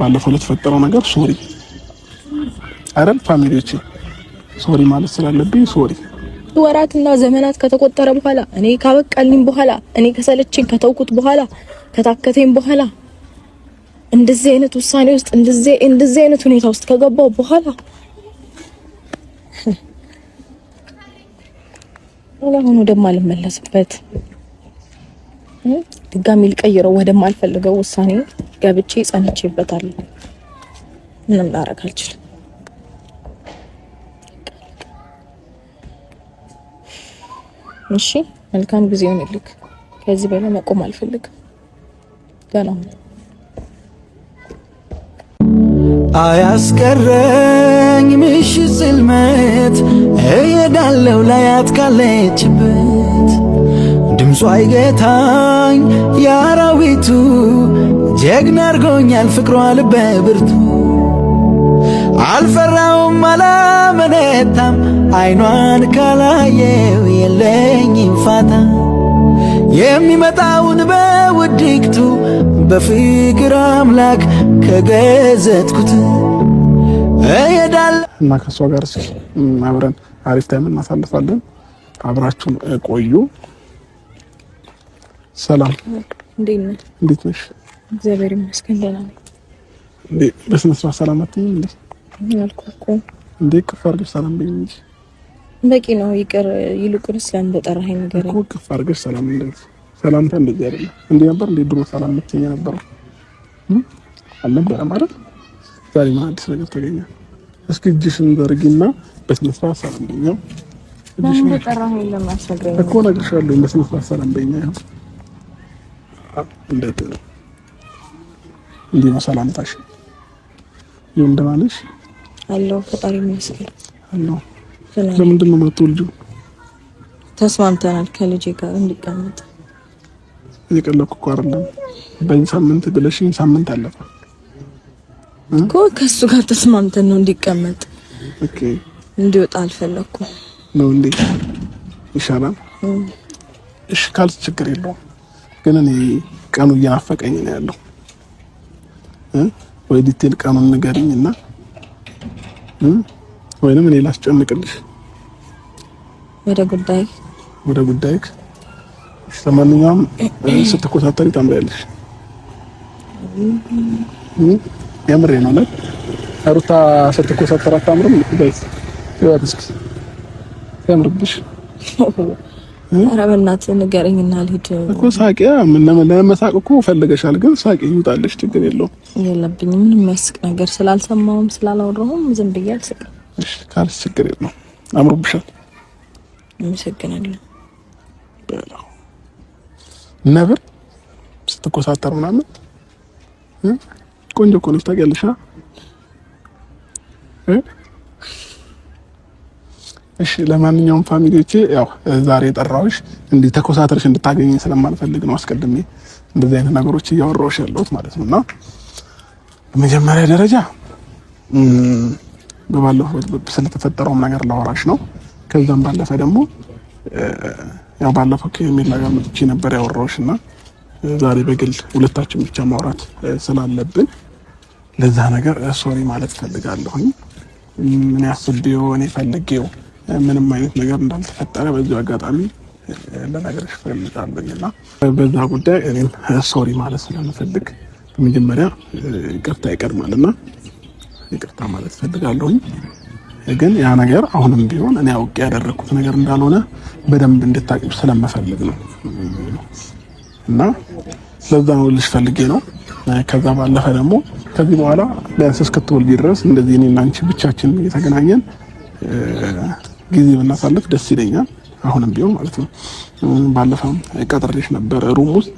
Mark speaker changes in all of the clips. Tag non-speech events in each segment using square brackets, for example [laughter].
Speaker 1: ባለፈው ለተፈጠረው ነገር ሶሪ አይደል ፋሚሊዎቼ፣ ሶሪ ማለት ስላለብኝ ሶሪ።
Speaker 2: ወራትና ዘመናት ከተቆጠረ በኋላ እኔ ካበቃልኝ በኋላ እኔ ከሰለችኝ ከተውኩት በኋላ ከታከተኝ በኋላ እንደዚህ አይነት ውሳኔ ውስጥ እንደዚህ እንደዚህ አይነት ሁኔታ ውስጥ ከገባው በኋላ ለአሁኑ ወደማልመለስበት ድጋሚ ልቀይረው ወደማልፈልገው ውሳኔ ገብቼ ጸንቼበታል። ምንም ላረግ አልችልም። እሺ መልካም ጊዜ ይሁንልክ። ከዚህ በላይ መቆም አልፈልግም። ገና
Speaker 3: አያስቀረኝ ምሽት ጽልመት እየዳለው ላያት ካለችበት ድምፁ ይገታኝ የአራዊቱ ጀግና አርጎኛል ፍቅሯ ልበ ብርቱ አልፈራውም አላመነታም አይኗን ካላየው የለኝም ፋታ የሚመጣውን በውድቅቱ በፍቅር አምላክ ከገዘትኩት
Speaker 1: እየዳለ እና ከእሷ ጋር አብረን አሪፍ ታይም እናሳልፋለን። አብራችሁን ቆዩ። ሰላም፣ እንዴት ነሽ?
Speaker 2: እግዚአብሔር ይመስገን ደህና ነኝ።
Speaker 1: እንዴ በስነ ስርዓት ሰላም አትይኝ እንዴ? አልኩህ እንዴ ቅፍ አድርገሽ ሰላም በይኝ እንጂ
Speaker 2: በቂ ነው። ይቅር ይልቁንስ ለምን በጠራኸኝ ነገር
Speaker 1: እኮ ቅፍ አድርገሽ ሰላም እንደዚህ ሰላምታ እንደዚህ አይደለም እንዴ ነበር እንዴ ድሮ ሰላም መቼኛ ነበር አልነበረም አይደል? ዛሬ ምን አዲስ ነገር ተገኘ? እስኪ እጅሽን ዘርጊና በስነ ስርዓት ሰላም በይኝ።
Speaker 2: እጅሽን በጠራኸኝ ለማሰገኝ
Speaker 1: እኮ ነግሬሻለሁ። በስነ ስርዓት ሰላም በይኝ። እንዴት እንዴት ሰላምታሽ? ይሁን
Speaker 2: ፈጣሪ ይመስገን
Speaker 1: ለምንድን ነው የማትወልጂው?
Speaker 2: ተስማምተናል ከልጄ ጋር እንዲቀመጥ።
Speaker 1: እየቀለድኩ እኮ አይደለም። ሳምንት ብለሽኝ ሳምንት አለፈ
Speaker 2: እኮ ከሱ ጋር ተስማምተን ነው እንዲቀመጥ። ኦኬ እንዲወጣ አልፈለኩም
Speaker 1: ነው እንዴ? ይሻላል። እሺ ካልስ ችግር የለውም ግን እኔ ቀኑ እየናፈቀኝ ነው ያለው። ወይ ዲቴል ቀኑን ንገሪኝ እና ወይንም እኔ ላስጨንቅልሽ። ወደ ጉዳይ ወደ ጉዳይ። ለማንኛውም ስትኮሳተሪ ታምሪያለሽ። የምሬ ነው ነው ሩታ ስትኮታተር አታምርም። በይ ያምርብሽ [laughs]
Speaker 2: ኧረ በእናትህ ንገረኝ እና ልሂድ
Speaker 1: እኮ ሳቂያ። ለመሳቅ እኮ ፈልገሻል፣ ግን ሳቂ ይውጣልሽ፣ ችግር የለውም።
Speaker 2: የለብኝም ምንም የሚያስቅ ነገር ስላልሰማውም ስላላወራሁም ዝም ብዬ አልስቅም።
Speaker 1: እሺ ካልሽ ችግር የለውም። አምሮብሻል።
Speaker 2: አመሰግናለሁ።
Speaker 1: ነብር ስትኮሳተር ምናምን ቆንጆ እኮ ነሽ ታውቂያለሽ እ እሺ ለማንኛውም ፋሚሊዎቼ ያው ዛሬ የጠራሁሽ እንዲህ ተኮሳተርሽ እንድታገኝ ስለማልፈልግ ነው። አስቀድሜ እንደዚህ አይነት ነገሮች እያወራሁሽ ያለሁት ማለት ነውና በመጀመሪያ ደረጃ በባለፈው ስለተፈጠረውም ነገር ላወራሽ ነው። ከዛም ባለፈ ደግሞ ያው ባለፈው ከሚል ነገር መጥቼ ነበር ያወራሁሽ እና ዛሬ በግል ሁለታችን ብቻ ማውራት ስላለብን ለዛ ነገር ሶሪ ማለት ፈልጋለሁኝ። ምን ያስብየው እኔ ፈልጌው ምንም አይነት ነገር እንዳልተፈጠረ በዚሁ አጋጣሚ ለነገርሽ እና በዛ ጉዳይ እኔም ሶሪ ማለት ስለምፈልግ በመጀመሪያ ይቅርታ ይቀድማልና ይቅርታ ማለት ፈልጋለሁኝ። ግን ያ ነገር አሁንም ቢሆን እኔ አውቄ ያደረግኩት ነገር እንዳልሆነ በደንብ እንድታቅብ ስለምፈልግ ነው እና ለዛ ነው ልሽ ፈልጌ ነው። ከዛ ባለፈ ደግሞ ከዚህ በኋላ ቢያንስ እስክትወልጂ ድረስ እንደዚህ እኔና አንቺ ብቻችን እየተገናኘን ጊዜ ብናሳልፍ ደስ ይለኛል። አሁንም ቢሆን ማለት ነው። ባለፈው ቀጥሬሽ ነበር ሩም ውስጥ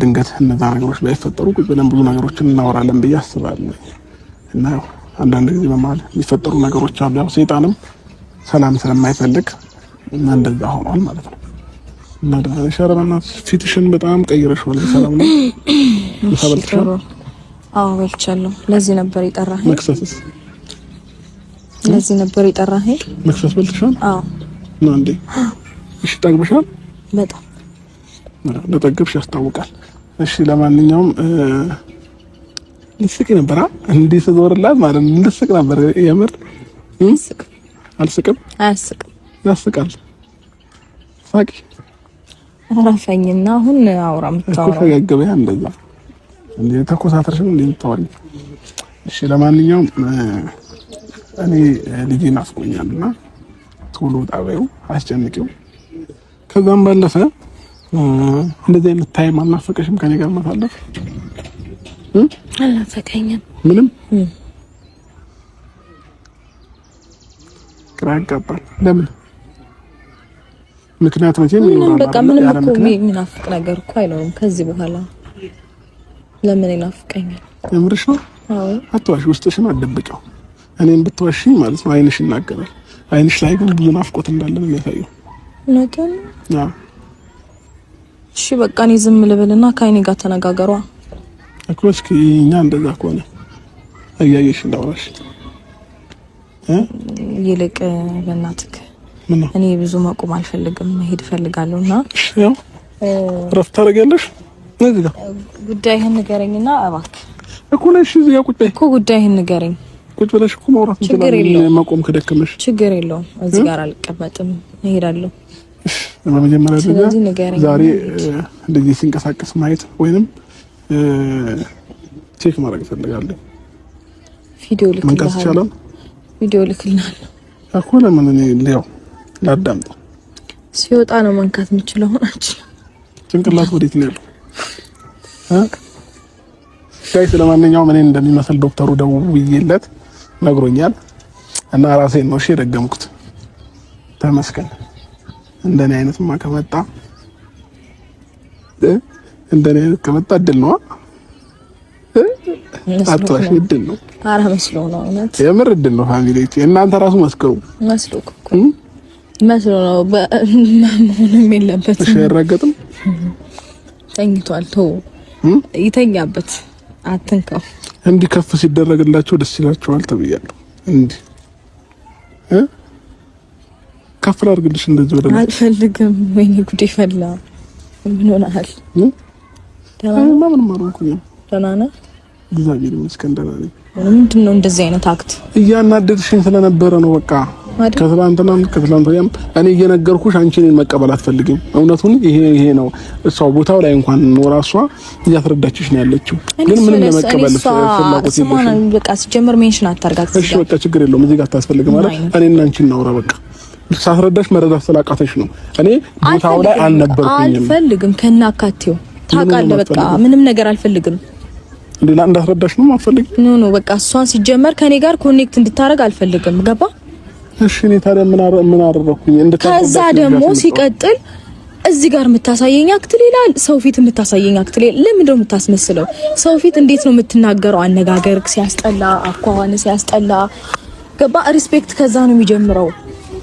Speaker 1: ድንገት እነዛ ነገሮች ባይፈጠሩ ቁጭ ብለን ብዙ ነገሮችን እናወራለን ብዬ አስባለሁ። እና አንዳንድ ጊዜ በመሀል የሚፈጠሩ ነገሮች አሉ። ያው ሰይጣንም ሰላም ስለማይፈልግ እና እንደዛ ሆኗል ማለት ነው። እና ኧረ በእናትሽ ፊትሽን በጣም ቀይረሽዋል። ሰላም ነው?
Speaker 2: በልተሻል? አዎ በልቻለሁ። ለዚህ ነበር የጠራኸኝ። መክሰስስ ለዚህ ነበር የጠራኸኝ።
Speaker 1: መክሰስ በልተሻል? አዎ። ነው እንዴ? እሺ፣ ጠግብሻል? በጣም ለጠገብሽ ያስታውቃል። እሺ፣ ለማንኛውም ልስቅ ነበር እንዲህ ስትዞርላት ማለት ነው። ልስቅ ነበር የምር አልስቅም። አያስቅም። ያስቃል። ሳቂ።
Speaker 2: አረፈኝና አሁን አውራ
Speaker 1: የምታወራው እኮ በይ። እንደዛ እንዴ ተኮሳተርሽም እንዴ የምታወሪኝ? እሺ፣ ለማንኛውም እኔ ልጄ ናፍቆኛል እና ቶሎ ጣቢያው አስጨንቂው። ከዛም ባለፈ እንደዚህ አይነት ታይም አልናፈቀሽም? ከኔ ጋር ማሳለፍ
Speaker 2: አልናፈቀኝም።
Speaker 1: ምንም ግራ ያጋባል። ለምን ምክንያት መቼም
Speaker 2: ምንም በቃ ምንም እኮ የሚናፍቅ ነገር እኮ አይኖርም ከዚህ በኋላ ለምን ይናፍቀኛል?
Speaker 1: የምርሽ ነው። አዎ፣ አትዋሽ፣ ውስጥሽን አትደብቂው እኔን ብትዋሽኝ ማለት ነው አይንሽ ይናገራል። አይንሽ ላይ ግን ብዙ ናፍቆት እንዳለ ነው የሚያሳየው።
Speaker 2: እሺ በቃ እኔ ዝም ልብልና ከአይኔ ጋር ተነጋገሯ
Speaker 1: አክሮስ እኛ እንደዛ ከሆነ እያየሽ እንዳውራሽ
Speaker 2: ይልቅ በእናትክ እኔ ብዙ መቆም አልፈልግም፣ መሄድ ፈልጋለሁ እና
Speaker 1: ረፍት ታደርጊያለሽ።
Speaker 2: ጉዳይህን ንገረኝና እባክህ
Speaker 1: እኮ ነሽ እዚህ ቁጭ
Speaker 2: እኮ ጉዳይህን ንገረኝ
Speaker 1: ቁጭ ብለሽ እኮ ማውራት
Speaker 2: እንችላለን።
Speaker 1: መቆም ከደከመሽ
Speaker 2: ችግር የለውም። እዚህ ጋር አልቀመጥም፣ እሄዳለሁ።
Speaker 1: በመጀመሪያ ደረጃ ዛሬ እንደዚህ ሲንቀሳቀስ ማየት ወይንም ቼክ ማድረግ እፈልጋለሁ። ቪዲዮ ልክ መንቀስ ይቻላል።
Speaker 2: ቪዲዮ ልክልናለሁ
Speaker 1: እኮ ለምን እኔ ሊያው ላዳምጥ
Speaker 2: ሲወጣ ነው መንካት የምችለው። ሆናችሁ
Speaker 1: ጭንቅላት ወዴት ነው ያለው? ጋይ ስለማንኛውም እኔን እንደሚመስል ዶክተሩ ደውዬለት ነግሮኛል እና ራሴን ነው እሺ የደገምኩት። ተመስገን እንደኔ አይነትማ ከመጣ እንደኔ አይነት ከመጣ እድል ነው አጥራሽ እድል ነው።
Speaker 2: ኧረ መስሎ ነው እውነት
Speaker 1: የምር እድል ነው። ፋሚሊ እናንተ ራሱ መስከሩ
Speaker 2: መስሎ እኮ መስሎ ነው መሆንም
Speaker 1: የለበትም። እሺ አይረገጥም።
Speaker 2: ተኝቷል። ተው ይተኛበት፣ አትንካው
Speaker 1: እንዲህ ከፍ ሲደረግላቸው ደስ ይላቸዋል ተብያለሁ። እንዲህ ከፍ ላድርግልሽ፣ እንደዚህ ወደ
Speaker 2: ላይ አልፈልግም። ወይኔ ጉዴ ፈላ። ምን ሆነሃል?
Speaker 1: ደህና ነህ? ደህና ነህ? እግዚአብሔር ይመስገን ደህና ነኝ።
Speaker 2: ምንድን ነው እንደዚህ አይነት አክት?
Speaker 1: እያናደድሽኝ ስለነበረ ነው በቃ ከትላንትናም ከትላንትናም እኔ እየነገርኩሽ አንቺ እኔን መቀበል አትፈልግም። እውነቱን ይሄ ይሄ ነው። እሷ ቦታው ላይ እንኳን ኖራ እሷ እያስረዳችሽ ነው ያለችው፣
Speaker 2: ግን ምንም ለመቀበል ፍላጎት የለሽም። በቃ ሲጀምር ሜንሽን አታርጋት።
Speaker 1: እሺ በቃ ችግር የለውም። እዚህ ጋር አታስፈልግም ማለት እና አንቺ እናውራ በቃ ሳስረዳሽ መረዳት ስላቃተሽ ነው። እኔ ቦታው ላይ አልነበርኩኝም።
Speaker 2: አልፈልግም አካቴው ታውቃለህ። በቃ ምንም ነገር አልፈልግም።
Speaker 1: ሌላ እንዳስረዳሽ ነው ማፈልግ።
Speaker 2: ኖ ኖ በቃ እሷን ሲጀመር ከኔ ጋር ኮኔክት እንድታረግ አልፈልግም። ገባ
Speaker 1: እሺ እኔ ታዲያ ምን አረ ምን አደረኩኝ?
Speaker 2: ከዛ ደግሞ ሲቀጥል እዚህ ጋር የምታሳየኝ አክት ሌላ፣ ሰው ፊት የምታሳየኝ አክት ሌላ። ለምን ነው የምታስመስለው? ሰው ፊት እንዴት ነው የምትናገረው? አነጋገር ሲያስጠላ፣ አኳኋን ሲያስጠላ። ገባ ሪስፔክት ከዛ ነው የሚጀምረው።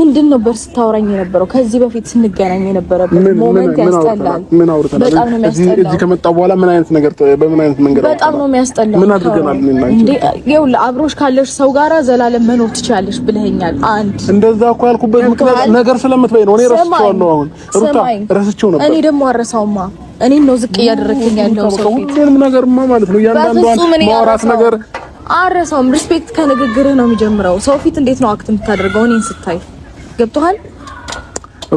Speaker 2: ምንድን ነበር ስታወራኝ የነበረው? ከዚህ በፊት ስንገናኝ የነበረበት
Speaker 1: ሞመንት ያስጠላል። ምን አውርተናል? በጣም ነው የሚያስጠላው። እዚህ ከመጣ በኋላ ምን አይነት ነገር በምን አይነት መንገድ
Speaker 2: በጣም ነው የሚያስጠላው። ምን አድርገናል? እንዴ ይው አብሮሽ ካለሽ ሰው ጋራ ዘላለም መኖር ትችላለሽ ብለኸኛል።
Speaker 1: አንድ እንደዛ እኮ ያልኩበት ምክንያት ነገር ስለምትበይ ነው። እኔ ረስቼዋለሁ። አሁን ሩታ
Speaker 2: ረስቼው ነበር። እኔ ደግሞ አረሳውማ እኔን ነው ዝቅ እያደረግከኝ
Speaker 1: ያለው ሰው ፊት ሁሉንም ነገርማ ማለት ነው እያንዳንዷን ማውራት ነገር
Speaker 2: አረሳውም። ሪስፔክት ከንግግርህ ነው የሚጀምረው። ሰው ፊት እንዴት ነው አክት የምታደርገው እኔን ስታይ ገብቶሃል?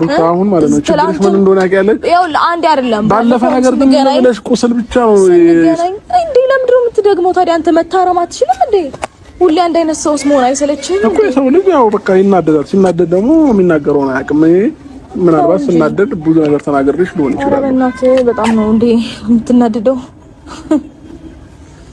Speaker 1: ሩታ አሁን ማለት ነው ችግርሽ ምን እንደሆነ ያውቃለች።
Speaker 2: ያው አንድ አይደለም
Speaker 1: ባለፈ ነገር ግን ምን ብለሽ ቁስል ብቻ ነው እንዴ?
Speaker 2: ለምንድን ነው የምትደግመው ታዲያ? አንተ መታረም አትችልም እንዴ? ሁሌ አንድ አይነት ሰውስ መሆን አይሰለችም
Speaker 1: እኮ? የሰው ልጅ ያው በቃ ይናደዳል። ሲናደድ ደግሞ የሚናገረውን አያውቅም። ምናልባት ስናደድ ብዙ ነገር ተናገርሽ
Speaker 2: ሊሆን ይችላል። በጣም ነው እንዴ የምትናደደው?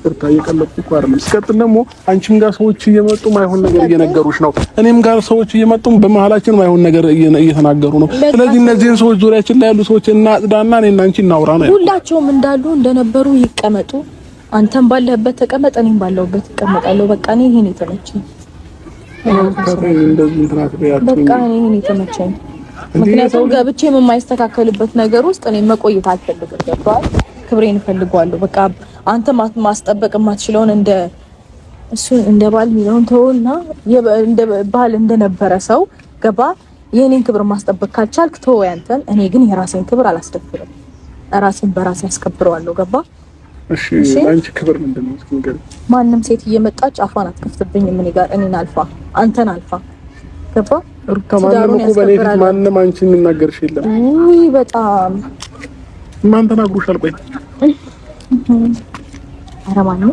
Speaker 1: ይቅርታ እየቀለድኩ እኮ አይደለም። ሲቀጥል ደግሞ አንቺም ጋር ሰዎች እየመጡ ማይሆን ነገር እየነገሩሽ ነው። እኔም ጋር ሰዎች እየመጡ በመሀላችን ማይሆን ነገር እየተናገሩ ነው። ስለዚህ እነዚህን ሰዎች ዙሪያችን ላይ ያሉ ሰዎች እናጽዳና እኔና አንቺ እናውራ
Speaker 2: ነው። ሁላቸውም እንዳሉ እንደነበሩ ይቀመጡ። አንተም ባለህበት ተቀመጥ፣ እኔም ባለሁበት እቀመጣለሁ። በቃ እኔ ይሄን የተመቸኝ
Speaker 1: በቃ እኔ
Speaker 2: ይሄን የተመቸኝ ምክንያቱም ገብቼ የማይስተካከልበት ነገር ውስጥ እኔ መቆየት አልፈልግም። ገብቶሃል? ክብሬን እፈልገዋለሁ። በቃ አንተ ማስጠበቅ የማትችለውን እንደ እሱ እንደ ባል የሚለውን ተውና እንደ ባል እንደነበረ ሰው ገባ። የእኔን ክብር ማስጠበቅ ካልቻልክ ተወው ያንተን። እኔ ግን የራሴን ክብር አላስደፍርም። ራሴን በራሴ አስከብረዋለሁ። ገባ?
Speaker 1: እሺ። አንቺ ክብር ምንድነው?
Speaker 2: ማንም ሴት እየመጣች አፏን አትከፍትብኝ። ምን ጋር እኔን አልፋ አንተን አልፋ ገባ?
Speaker 1: ሩታ፣ ማንም እኮ ማንም አንቺን የሚናገርሽ የለም።
Speaker 2: ውይ በጣም
Speaker 1: ማን ተናግሮሻል? ቆይ ኧረ ማነው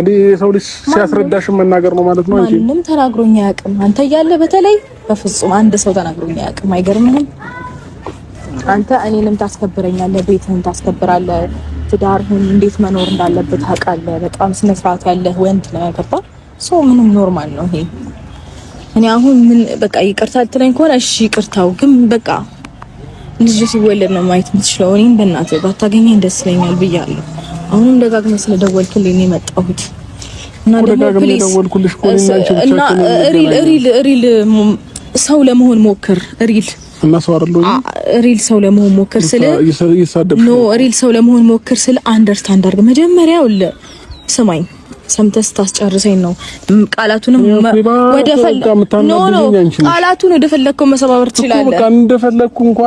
Speaker 1: እንዴ? ሰው ልጅ ሲያስረዳሽ መናገር ነው ማለት ነው።
Speaker 2: አንቺ ምንም ተናግሮኝ አያውቅም። አንተ እያለ በተለይ በፍጹም አንድ ሰው ተናግሮኝ አያውቅም። አይገርምህም? አንተ እኔንም ታስከብረኛለህ፣ ቤትህን ታስከብራለህ፣ ትዳርህን እንዴት መኖር እንዳለበት ታውቃለህ። በጣም ስነ ስርዓት ያለህ ወንድ ነው ያገባህ። ሰው ምንም ኖርማል ነው ይሄ። እኔ አሁን ምን በቃ ይቅርታ ልትለኝ ከሆነ እሺ ይቅርታው ግን በቃ ልጅ ሲወለድ ነው ማየት የምትችለው። እኔም በእናትህ ባታገኘኝ ደስ ይለኛል ብያለሁ። አሁንም ደጋግመህ ስለደወልክልኝ የመጣሁት
Speaker 1: እና ሪል
Speaker 2: ሰው ለመሆን ሞክር። ሪል ሪል ሰው ለመሆን ሞክር ስለ ኖ ሪል ሰው ለመሆን ሞክር ስለ አንደርስታንድ አድርግ መጀመሪያ። ስማኝ ሰምተስ ታስጨርሰኝ ነው። ቃላቱንም ቃላቱን ወደ ወደፈለግከው መሰባበር ትችላለህ።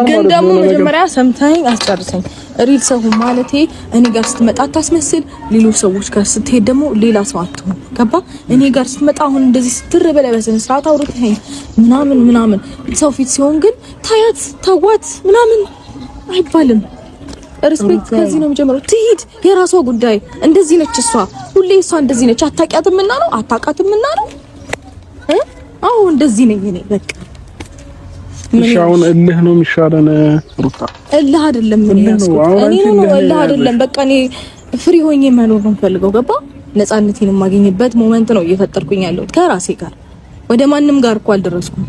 Speaker 2: ግን ደግሞ መጀመሪያ ሰምተኝ አስጨርሰኝ። ሪል ሰው ማለቴ እኔ ጋር ስትመጣ አታስመስል። ሌሎች ሰዎች ጋር ስትሄድ ደግሞ ሌላ ሰው አትሆን። ገባ? እኔ ጋር ስትመጣ አሁን እንደዚህ ስትር በለ በስነ ስርዓት አውርተኸኝ ምናምን ምናምን፣ ሰው ፊት ሲሆን ግን ታያት ታዋት ምናምን አይባልም። ሪስፔክት ከዚህ ነው የሚጀምረው። ትሂድ፣ የራሷ ጉዳይ። እንደዚህ ነች እሷ፣ ሁሌ እሷ እንደዚህ ነች። አታውቂያትም እና ነው አታውቃትም እና ነው። አዎ እንደዚህ ነኝ እኔ በቃ።
Speaker 1: አሁን እልህ ነው የሚሻለን ሩታ።
Speaker 2: እልህ አይደለም እኔ ነው እልህ አይደለም። በቃ እኔ ፍሪ ሆኜ መኖር ነው የምፈልገው። ገባ? ነፃነቴን የማገኝበት ሞመንት ነው እየፈጠርኩኝ ያለሁት ከራሴ ጋር። ወደ ማንም ጋር እኮ አልደረስኩም።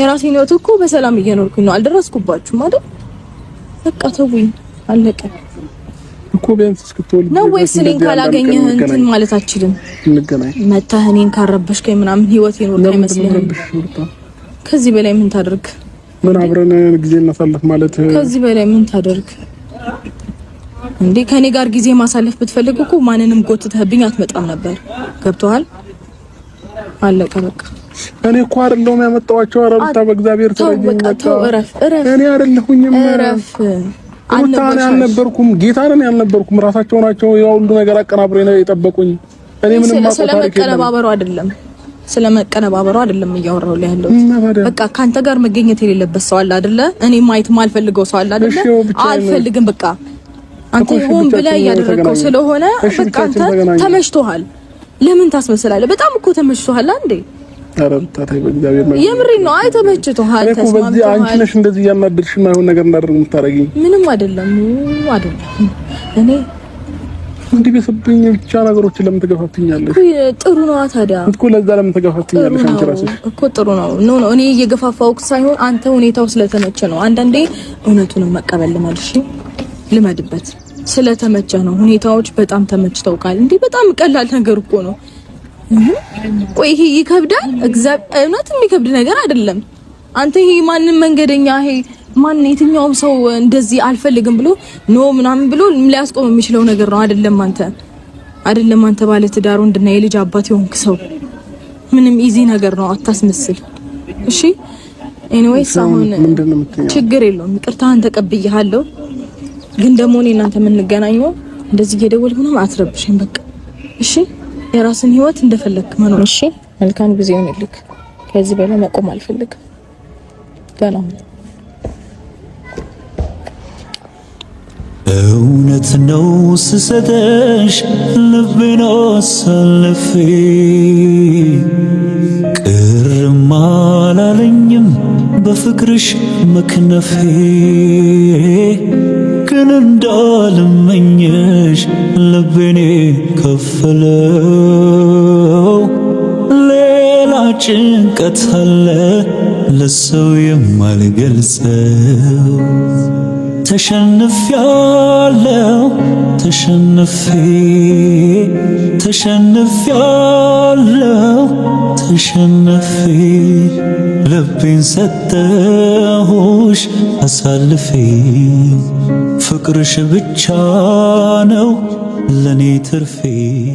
Speaker 2: የራሴን ህይወት እኮ በሰላም እየኖርኩኝ ነው። አልደረስኩባችሁም አይደል? በቃ ተውኝ። አለቀ
Speaker 1: እኮ ቢያንስ እስክትወልድ
Speaker 2: ነው ወይስ እኔን ካላገኘህ እንትን ማለት አችልም። እንገናኝ መታህ እኔን ከይ ምናምን ህይወት የኖርክ አይመስልህም። ከዚህ በላይ ምን ታደርግ?
Speaker 1: ምን አብረን ጊዜ እናሳልፍ ማለት
Speaker 2: ከዚህ በላይ ምን ታደርግ እንዴ? ከኔ ጋር ጊዜ ማሳለፍ ብትፈልግ እኮ ማንንም ጎትተህብኝ አትመጣም ነበር። ገብቶሃል? አለቀ በቃ።
Speaker 1: እኔ እኮ አይደለሁም ያመጣኋቸው። ኧረ ብታ በእግዚአብሔር ተረጅኝ። እኔ አይደለሁኝም። እረፍ ሩታን ያልነበርኩም ጌታንን ያልነበርኩም ራሳቸው ናቸው ያው ሁሉ ነገር አቀናብሮ የጠበቁኝ።
Speaker 2: እኔ ምንም ስለመቀነባበሩ አይደለም ስለመቀነባበሩ አይደለም እያወራሁ ላይ ያለው በቃ ካንተ ጋር መገኘት የሌለበት ሰው አለ አይደለ? እኔ ማየት ማልፈልገው ሰው አለ አይደለ? አልፈልግም በቃ አንተ ሆን ብለህ እያደረገው ስለሆነ በቃ አንተ ተመችቶሃል። ለምን ታስመስላለህ? በጣም እኮ ተመችቶሃል አንዴ የምሬ ነው። አይ ተመችቶሃል።
Speaker 1: ተስማምቶሃል። አንቺ ነሽ እንደዚህ እያናደድሽ የማይሆን ነገር እንዳደረግ የምታደርጊኝ።
Speaker 2: ምንም አይደለም አይደለም። እኔ
Speaker 1: እንዲህ ቤተሰብኝ ብቻ ነገሮችን ለምን
Speaker 2: ጥሩ ነዋ። ታዲያ እኮ ለዛ ለምን አንቺ እኮ ጥሩ ነው። ኖ ኖ፣ እኔ ሳይሆን አንተ ሁኔታው ስለተመቸ ነው። አንዳንዴ እውነቱንም መቀበል ልመድ፣ እሺ፣ ልመድበት። ስለተመቸ ነው። ሁኔታዎች በጣም ተመችተውቃል። እንዲህ በጣም ቀላል ነገር እኮ ነው። ቆይ ይሄ ይከብዳል። እውነት የሚከብድ ነገር አይደለም። አንተ ይሄ ማንም መንገደኛ ይሄ ማን የትኛውም ሰው እንደዚህ አልፈልግም ብሎ ኖ ምናምን ብሎ ሊያስቆም የሚችለው ነገር ነው። አይደለም አንተ አይደለም አንተ ባለ ትዳር ወንድና የልጅ አባት የሆንክ ሰው ምንም ኢዚ ነገር ነው። አታስመስል። እሺ ኤኒዌይስ፣ አሁን ችግር የለውም። ይቅርታህን ተቀብያለሁ። ግን ደግሞ እኔ እናንተ የምንገናኘው እንደዚህ እየደወልኩ ነው። አትረብሽኝ። በቃ እሺ የራስን ህይወት እንደፈለክ መኖር። እሺ፣ መልካም ጊዜ ይሁንልክ። ከዚህ በላይ መቆም አልፈልግም። ገና እውነት ነው ስሰጠሽ ልቤን አሳልፌ ቅርም አላለኝም በፍቅርሽ መክነፌ ግን እንዳልመኘሽ ልቤኔ ከፈለው። ሌላ ጭንቀት አለ ለሰው የማልገልጸው። ተሸንፍ ያለው ተሸንፌ ተሸንፍ ያለው ተሸንፌ ልቤን ሰጠሁሽ አሳልፌ فكرش بتشانو لني ترفيه